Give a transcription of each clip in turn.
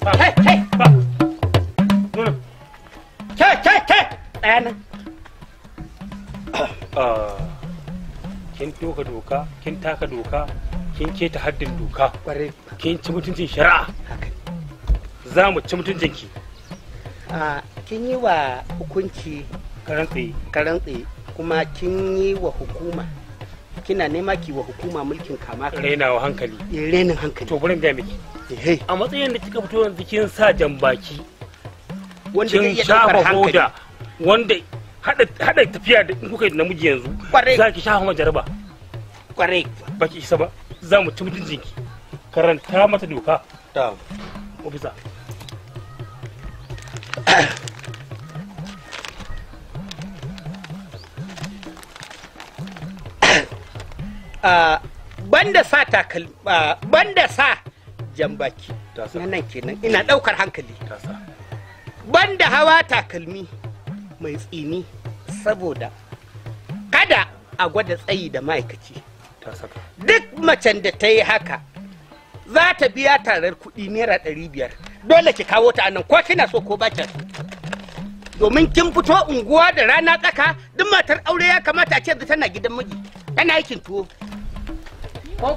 Hmm. kai ah. kin doka doka kin taka doka kin keta haddin doka kin ci mutuncin shari'a za mu ci mutuncin ki. Ah, kin yi wa hukunci karantsi kuma kin yi wa hukuma kina nema ki wa hukuma mulkin kama ka wa hankali in eh, rainin hankali to burin ga miki eh, a matsayin da kika fito yanzu kin sa jambaki wanda kin iya hoda wanda hada tafiya da kuka yi namiji yanzu za ki shafa ma jaraba kwarai baki isa ba za mu ci mutuncinki karanta mata doka ta ofisa Ah, banda sa takal ah, banda sa jambaki nan kenan ina daukar hankali banda hawa takalmi mai tsini saboda kada a gwada tsayi da ma'aikaci duk macen da ta yi haka za ta biya tarar kuɗi naira ɗari biyar dole ki kawo ta anan ko kina so ko baki domin kin fito unguwa da rana tsaka duk matar aure ya kamata a ce tana gidan miji tana aikin tuwo ko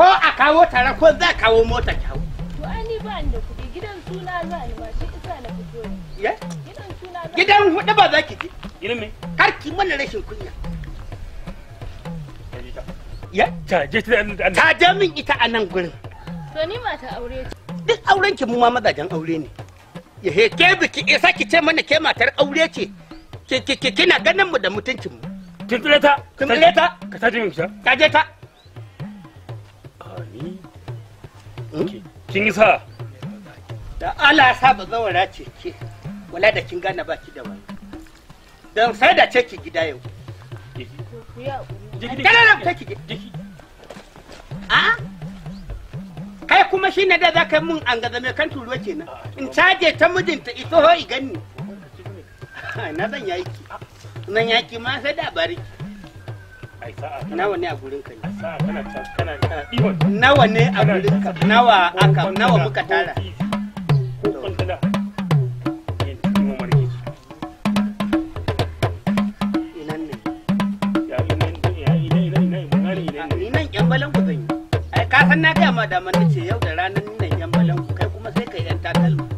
a kawo tara ko za a kawo mota ki to ai ni ba da kuɗi gidan suna za ni ba shi isa na fito ne gidan suna gidan hudu ba za ki ji ilimi kar ki mana rashin kunya ya caje ta caje min ita a nan gurin to ni mata aure ce duk auren ki mu ma mazajen aure ne ya he ke biki isa ki ce mana ke matar aure ce kina ganin mu da mutuncin mu tuntule ta tuntule ta ka taje min ta caje ta Hmm? kin yi sa da Allah sa ba zawara ce ke wala da kin gane baki da wani don sai da ce ki gida yau dalalam ta ki a kai kuma shi ne da za ka mun an gaza mai kan turuwa kenan in caje ta mijinta ita ho i gani na zan yaki nan yaki ma sai da bariki nawa ne a gurin ka ne nawa ne a gurin ka nawa aka nawa muka tara ka san na gaya ma da ce yau da ranar nan yan balanku kai kuma sai ka yi yan takalma